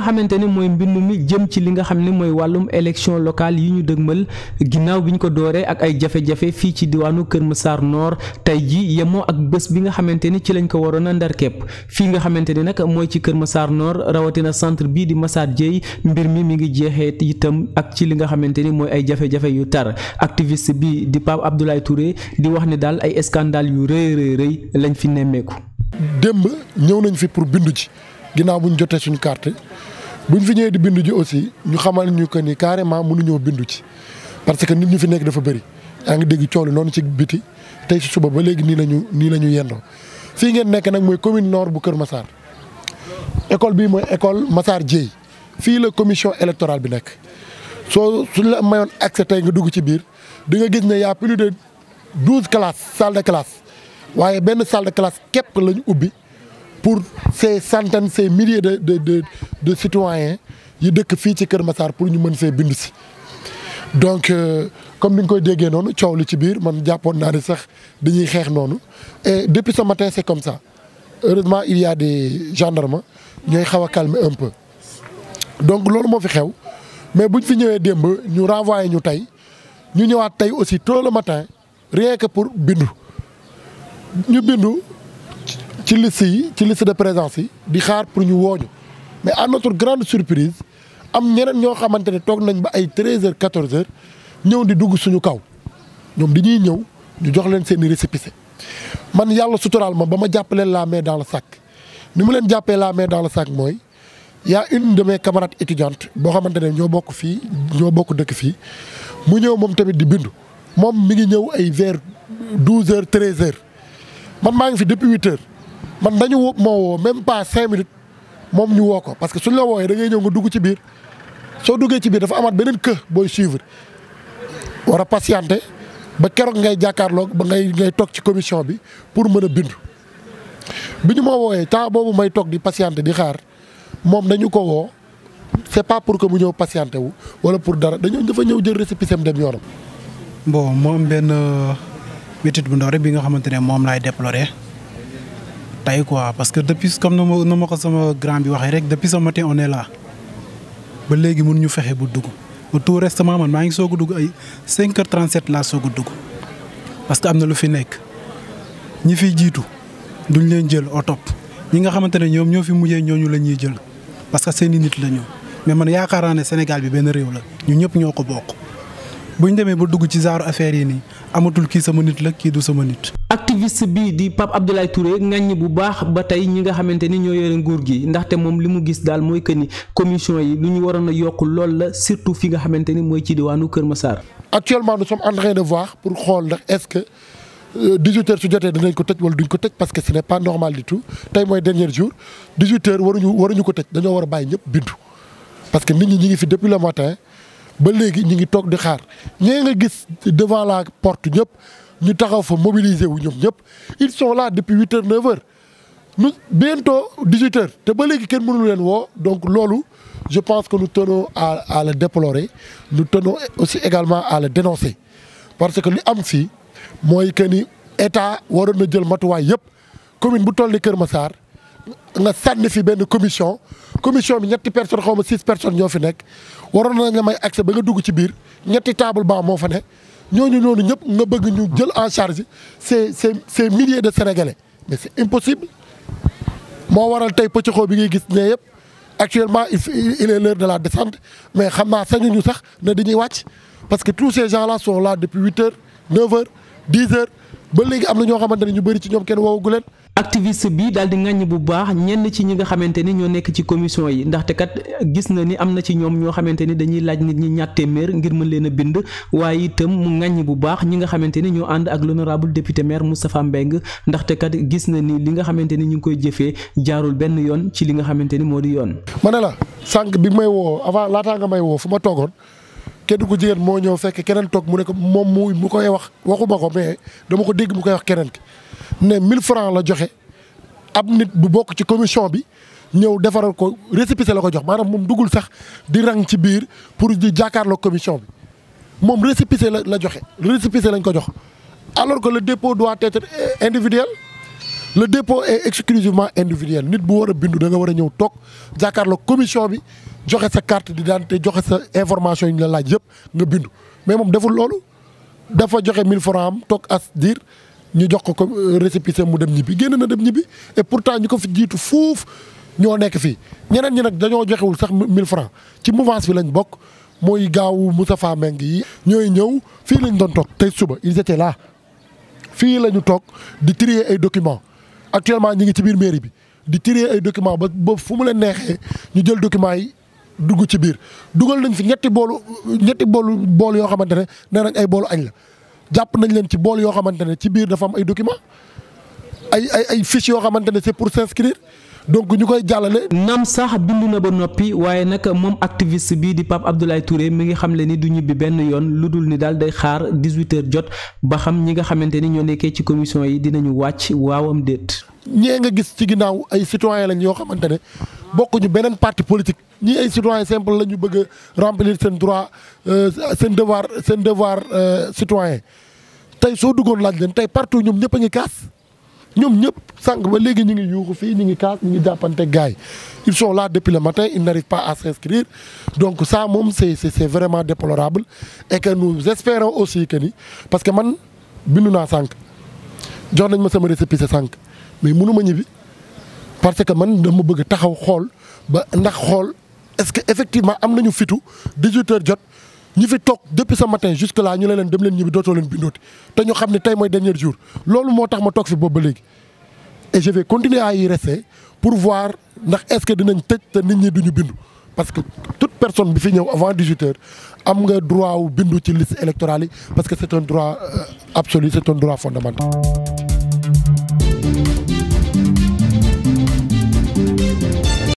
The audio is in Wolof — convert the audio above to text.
nga xamante ne mooy mbind mi jëm ci li nga xam ne mooy wàllum élection locale yi ñu dëgmal ginnaaw bi ñu ko dooree ak ay jafe-jafe fii ci diwaanu Kër Massar noor tey ji yemoo ak bés bi nga xamante ni ci lañ ko waroon a ndar képp fii nga xamante ni nag mooy ci Kër Massar noor rawatina centre bii di Massar Dieye mbir mi mu ngi jeexee itam ak ci li nga xamante ni mooy ay jafe-jafe yu tar activiste bi di Pape Abdoulaye Touré di wax ne daal ay scandale yu rëy rëy lañ fi nemmeeku. démb ñëw nañ fi pour suñu carte. bu buñ fi ñëwee di bindu ji aussi ñu xamal ñu que ni carrément mënuñoo bindu ci parce que nit ñu fi nekk dafa bëri yaa ngi dégg coow li noonu ci biti tey si suba ba léegi nii lañu nii la ñu yendoo fii ngeen nekk nag mooy commune nord bu Kër Massar école bii mooy école Massar Dieye fii la commission électorale bi nekk soo su la mayoon accès tey nga dugg ci biir di gis ne y a plus de douze classes salle de classe waaye benn salle de classe képp lañ ubbi pour ces centaines ces milliers de de de de citoyens yi dëkk fii ci Kër Massar pour ñu mën ces bind si. donc euh, comme ni nga koy déggee noonu coow li ci biir man jàppoon naa ne sax dañuy xeex et depuis ce matin c'est comme ça heureusement il y a des gendarmes ñooy xaw a calmer un peu. donc loolu moo fi xew mais buñ fi ñëwee démb ñu renvoyé ñu tey ñu ñëwaat tey aussi tôt le matin rien que pour bindu ñu bindu ci liste de présence pour ñu mais à notre grande surprise am ñeneen ñoo xamantene tok nañ ba ay 13h-14h, ñew di dugg suñu kaw di ñew ñu jox leen seen récépissé man yalla sutural la main dans le sac ni mu leen la main dans le sac Il y a une de mes camarades étudiantes bo xamantene bokk fi ñoo bokk dëkk fi mu ñew mom tamit di bindu mi ngi ay vers h depuis 8h. man dañu woo moo woo même pas cinq minutes moom ñu woo ko parce que suñ la wooyee da ngay ñëw nga dugg ci biir soo duggee ci biir dafa amaat beneen kë booy suivre war a patienter ba keroog ngay jàkkaarloog ba ngay ngay toog ci commission bi pour mën a bindu bi ñu ma wooyee temps boobu may toog di patienter di xaar moom dañu ko woo c'est pas pour que mu ñëw patienter wu wala pour dara dañoo dafa ñëw jël récépissé dem yoonam. bon moom benn euh, métit bu ndaw rek bi nga xamante ne moom laay déplorer. tey quoi parce que depuis comme na ma na ma ko sama grand bi waxee rek depuis ce matin on ba léegi mun ñu fexe bu dugg ba tout récemment man maa ngi soog a dugg ay 5 heures 37 laa soog dugg parce que am na lu fi nekk ñi fiy jiitu duñ leen jël au ñi nga xamante ne ñoom ñoo fi mujjee ñooñu la ñuy jël parce que seen i nit la ñu mais man yaakaar naa ne Sénégal bi benn réew la ñu ñëpp ñoo ko bokk. bu ñu demee ba dugg ci genre affaire yi nii amatul kii sama nit la kii du sama nit. activiste bii di Pape Abdoulaye Touré ŋaññi bu baax ba tey ñi nga xamante ni ñoo yore nguur gi ndaxte moom li mu gis daal mooy que ni commission yi lu ñu waroon a yokk lool la surtout fi nga xamante ni mooy ci diwaanu Kër Massar. actuellement nous sommes en train de voir pour xool ndax est-ce que. 18 euh, heures su jotee dinañ ko tëj wala duñ ko tëj parce que ce n'est pas normal du tout tey mooy dernier jour 18 waruñu waruñu ko tëj dañoo war a bàyyi ñëpp bindu par que nit ñi ba léegi ñu ngi toog di xaar ñee gis devant la porte ñëpp ñu taxaw fa mobiliser wu ñoom ñëpp ils sont là depuis 8h, 9h. nous bientôt 18h. heures te ba léegi kenn mënu leen woo donc loolu je pense que nous tenons à à le déplorer nous tenons aussi également à le dénoncer parce que li am si mooy que ni état waroon na jël matuwaay yëpp commune bu toll ni Kër Massar nous avons fait une commission. La commission, il y a 6 personnes, 6 personnes. Il y a un accès à la table. une table. Nous avons une en charge. c'est milliers de Sénégalais. Mais c'est impossible. Je vais vous montrer un petit peu de Actuellement, il est l'heure de la descente. Mais je sais que nous avons fait une Parce que tous ces gens-là sont là depuis 8h, 9h, 10h. ba léegi am na ñoo xamante ne ñu bëri ci ñoom kenn woowagu leen. activiste bi daal di ñi bu baax ñenn ci ñi nga xamante ni ñoo nekk ci commission yi ndaxte kat gis na ni am na ci ñoom ñoo xamante ni dañuy laaj nit ñi ñatt téeméer ngir mën leen a bind waaye itam mu ŋàññ bu baax ñi nga xamante ni ñoo ànd ak l'honorable député maire Moustapha Mbeng ndaxte kat gis na ni li nga xamante ni ñu ngi koy jëfee jaarul benn yoon ci li nga xamante ni moo di yoon. ma la sànq bi may woo avant laataa nga woo fu ma toogoon kenn ko jigéen moo ñëw fekk keneen toog mu ne ko moom mu mu koy wax waxuma ko mais dama ko dégg mu koy wax keneen ki ne 1000 francs la joxe ab nit bu bokk ci commission bi ñëw defaral ko récépissé la ko jox maanaam moom duggul sax di rang ci biir pour di jàkkaarloo commission bi moom récépissé la la joxe récépissé lañ ko jox alors que le dépôt doit être individuel le dépôt est exclusivement individuel nit bu war a bindu da nga war a ñëw toog jàkkaarloo commission bi joxe sa carte d'identité joxe sa information yi ñu la laaj yépp nga bindu mais moom deful loolu dafa joxe 1000 francs am toog as diir ñu jox ko comme euh, récépissé mu dem ñibi génn na dem ñibi et pourtant ñu ko fi jiitu fuuf ñoo nekk fii ñeneen ñi nag dañoo joxewul sax 1000 francs ci mouvance bi lañ bokk mooy gaawu Moustapha Mbengue yi. ñooy ñëw fii lañ doon toog tey suba ils étaient là fii la ñu toog di trier ay documents actuellement ñu ngi ci biir mairie bi di trier ay documents ba ba fu mu leen neexee ñu jël documents yi. dugg ci biir dugal nañ fi ñetti boolu ñetti boolu bool yoo xamante ne nee nañ ay boolu añ la jàpp nañ leen ci bool yoo xamante ne ci biir dafa am ay document ay ay ay fiche yoo xamante ne c'est pour s'inscrire donc ñu koy jàllale. naam sax bind na ba noppi waaye nag moom activiste bii di Pape Abdoulaye Touré mi ngi xam le ni du ñibbi benn yoon lu dul ni daal day xaar 18 jot ba xam ñi nga xamante ni ñoo nekkee ci commission yi dinañu wàcc waawam déet. ñee nga gis ci ginnaaw ay citoyen lañ yoo xamante ne bokkuñu beneen parti politique ñii ay citoyen simple la ñu bëgg a remplir seen droit euh, seen devoir seen devoir euh, citoyen tey soo duggoon laaj leen tey partout ñoom ñëpp a kaas. ils sont là depuis le matin ils n'arrivent pas à s'inscrire donc ça c'est vraiment déplorable et que nous espérons aussi que parce que man bindu à 5. jox nañ ma sama Mais sànq mais à 5. parce que man dama bëgg taxaw ba ndax est-ce qu'effectivement effectivement am nañu fitu 18 h fi depuis ce matin jusqu'à là ñu ne leen dem leen ñibbi dootoo leen bindooti te ñu xam dernier jour loolu moo tax ma toog fi boobu ba et je vais continuer à y rester pour voir est-ce que dinañ tëj te nit ñi parce que toute personne bi fi avant 18 h a le droit wu bindu ci liste électorale parce que c'est un droit euh, absolu c'est un droit fondamental.